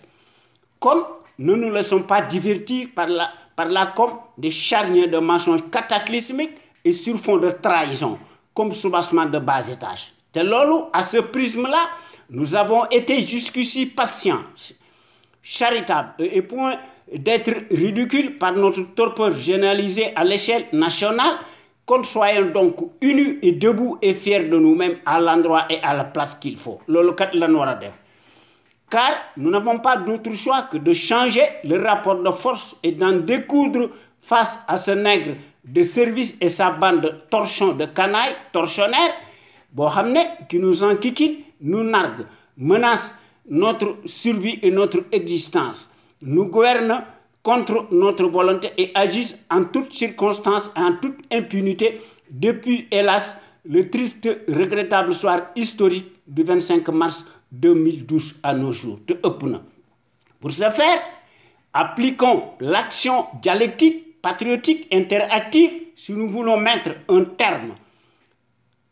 comme nous ne nous laissons pas divertir par la par la com des charniers de mensonges cataclysmiques et sur fond de trahison comme sous bassement de bas étage te à ce prisme là nous avons été jusqu'ici patients charitable et point d'être ridicule par notre torpeur généralisée à l'échelle nationale, qu'on soit donc unis et debout et fiers de nous-mêmes à l'endroit et à la place qu'il faut. Car nous n'avons pas d'autre choix que de changer le rapport de force et d'en découdre face à ce nègre de service et sa bande de torchons, de canailles, torchonnaires qui nous enquiquine, nous nargue, menace notre survie et notre existence, nous gouvernent contre notre volonté et agissent en toutes circonstances et en toute impunité depuis, hélas, le triste, regrettable soir historique du 25 mars 2012 à nos jours de Pour ce faire, appliquons l'action dialectique, patriotique, interactive si nous voulons mettre un terme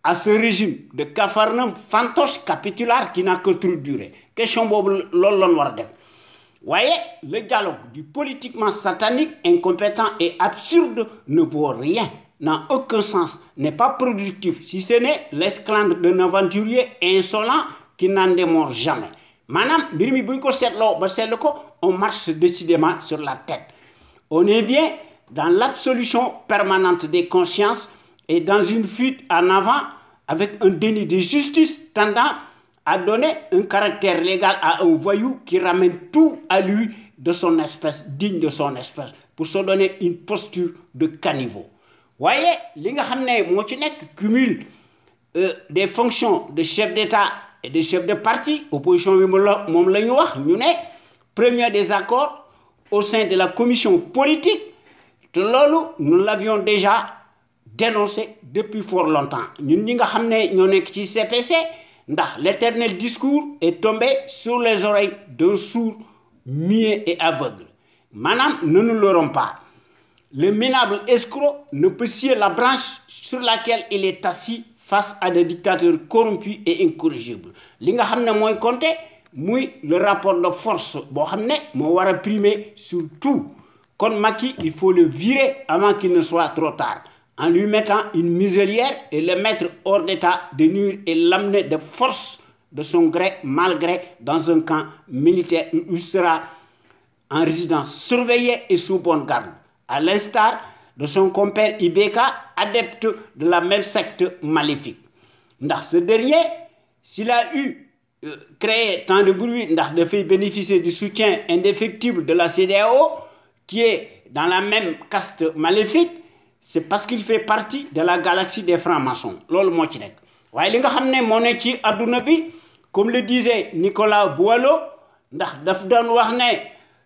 à ce régime de cafarnum fantoche capitulaire qui n'a que trop duré question bobu loolu vous war le dialogue du politiquement satanique incompétent et absurde ne vaut rien n'a aucun sens n'est pas productif si ce n'est l'esclandre d'un aventurier insolent qui n'en démord jamais Madame on marche décidément sur la tête on est bien dans l'absolution permanente des consciences et dans une fuite en avant avec un déni de justice tendant a donné un caractère légal à un voyou qui ramène tout à lui de son espèce, digne de son espèce, pour se donner une posture de caniveau. Voyez, li nga cumule euh, des fonctions de chef d'État et de chef de parti, opposition mom lañu wax premier désaccord au sein de la commission politique. De nous l'avions déjà dénoncé depuis fort longtemps. Ñun ñi nga xamné ño CPC l'éternel discours est tombé sur les oreilles d'un sourd muet et aveugle Madame, ne nous rends pas le minable escroc ne peut scier la branche sur laquelle il est assis face à des dictateurs corrompus et incorrigibles li nga xam compte, le rapport de force sur tout Quand Maki, il faut le virer avant qu'il ne soit trop tard en lui mettant une muselière et le mettre hors d'état de nuire et l'amener de force de son gré, malgré, dans un camp militaire où il sera en résidence surveillée et sous bonne garde, à l'instar de son compère Ibeka, adepte de la même secte maléfique. Dans ce dernier, s'il a eu euh, créé tant de bruit, de fait bénéficier du soutien indéfectible de la CDAO, qui est dans la même caste maléfique, c'est parce qu'il fait partie de la galaxie des francs-maçons C'est ce ci je veux li nga comme le disait Nicolas Boileau ndax daf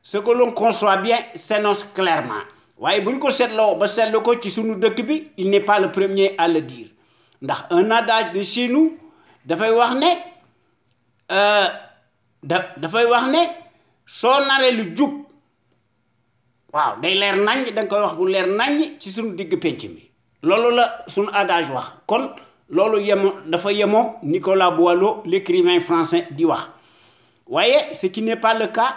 ce que l'on conçoit bien s'énonce clairement Mais si on ko dit ba seetlu ko ci sunu dëkk bi il n'est pas le premier à le dire ndax un adage de chez nous dafay wax ne euh, da dafay wax ne waaw day leer naññ da nga koy wax bu leer naññ ci suñu digg pénc mi la suñu adage wax kon loolu yemo dafa yemo Nicolas Boileau l'écrivain français di wax waaye ce qui n'est pas le cas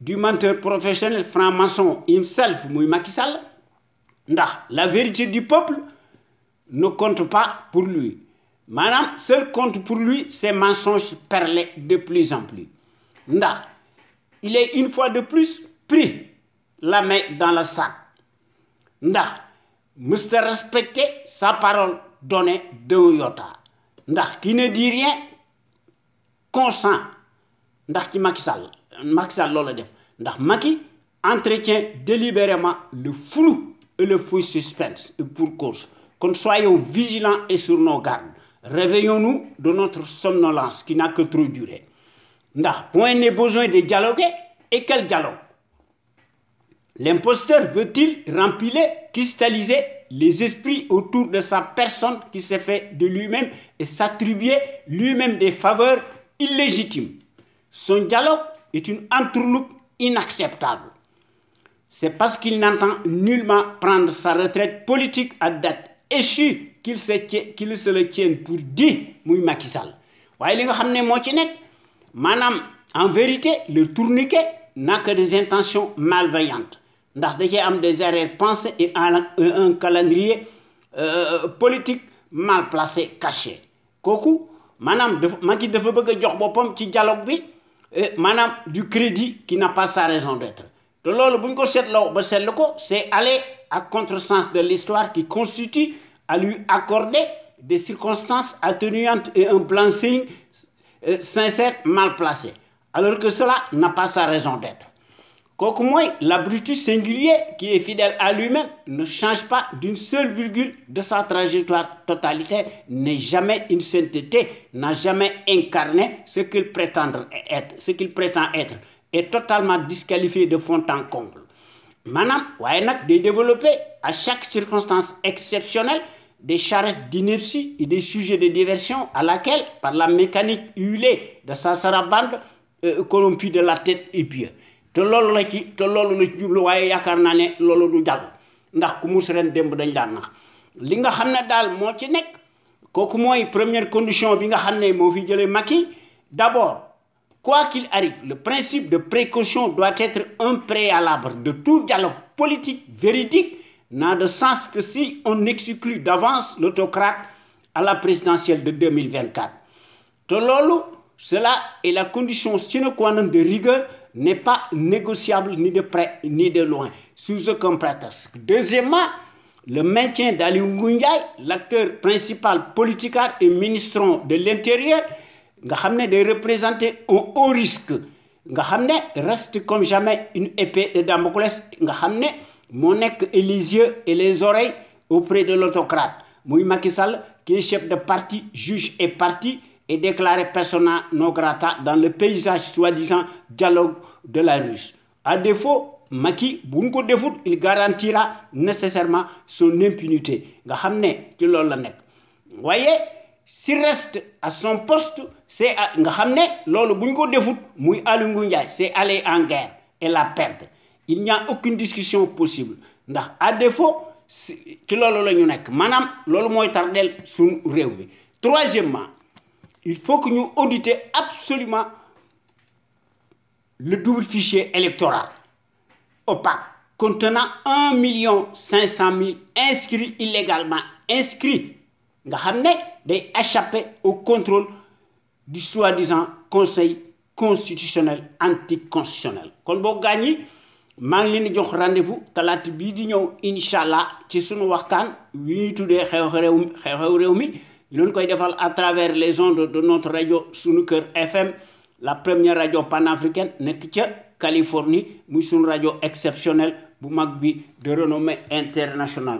du menteur professionnel franc-maçon himself muy Macky Sall ndax la vérité du peuple ne compte pas pour lui maanaam seul compte pour lui c'est mensonges perlés de plus en plus ndax il est une fois de plus pris la met dans le sac ndax mësta respecter sa parole donnée de Yota. ndax qui ne dit rien consent ndax ci Macky def ndax entretient délibérément le flou et le fou suspense et pour cause Qu'on soyons vigilants et sur nos gardes réveillons-nous de notre somnolence qui n'a que trop duré ndax point n'est besoin de dialoguer et quel dialogue L'imposteur veut-il rempiler, cristalliser les esprits autour de sa personne qui s'est fait de lui-même et s'attribuer lui-même des faveurs illégitimes Son dialogue est une entreloupe inacceptable. C'est parce qu'il n'entend nullement prendre sa retraite politique à date échue qu'il se, le tienne pour dit Macky Sall en vérité le tourniquet n'a que des intentions malveillantes ndax da cee am des erreurs pensées et un calendrier euh, politique mal placé caché kooku maanaam madame Macky dafa bëgg a jox boppam ci dialogue bi du crédit qui n'a pas sa raison d'être te loolu ko ba ko c'est aller à contresens de l'histoire qui constitue à lui accorder des circonstances atténuantes et un plan euh, sincère mal placé alors que cela n'a pas sa raison d'être Quoique moins, l'abruti singulier qui est fidèle à lui-même ne change pas d'une seule virgule de sa trajectoire totalitaire n'est jamais une sainteté n'a jamais incarné ce qu'il prétend être ce qu'il prétend être est totalement disqualifié de fond en comble Madame Wainak développe à chaque circonstance exceptionnelle des charrettes d'ineptie et des sujets de diversion à laquelle par la mécanique huilée de sa sarabande euh, corrompue de la tête et bien te loolu la ci te loolu la ci jublu waaye yaakaar naa ne loolu du jàll ndax ku mus ren démb dañ daan nax li nga xam ne daal moo ci nekk kooku mooy première condition bi nga xam ne fi d'abord quoi qu'il arrive le principe de précaution doit être un préalable de tout dialogue politique véridique n'a de sens que si on exclut d'avance l'autocrate à la présidentielle de 2024 te loolu cela est la condition sine qua non de rigueur n'est pas négociable ni de près ni de loin, sous aucun prétexte. Deuxièmement, le maintien d'Ali l'acteur principal politique et ministre de l'Intérieur, nga représenter haut risque Il reste comme jamais une épée de Damoclès nga monne et les yeux et les oreilles auprès de l'autocrate Mouy Macky qui est chef de parti juge et parti et déclaré persona non grata dans le paysage soi-disant dialogue de la Russie. À défaut, Maki, bu il garantira nécessairement son impunité nga voyez, ci s'il reste à son poste c'est nga xam ne c'est aller en guerre et la perdre il n'y a aucune discussion possible à défaut ci loolu la ñu nekk troisièmement il faut que nous auditer absolument le double fichier électoral opaque contenant 1 million cinq inscrits illégalement inscrits nga xam ne au contrôle du soi-disant conseil constitutionnel anticonstitutionnel Quand vous gagnez maa ngi leen jox rendez-vous talat bi di ñëw inshallah allah ci sunu waxtaan wi ñu tuddé xew-xew mi nous koy faire à travers les ondes de notre radio sunu FM la première radio panafricaine nekk Californie une radio exceptionnelle, de renommée internationale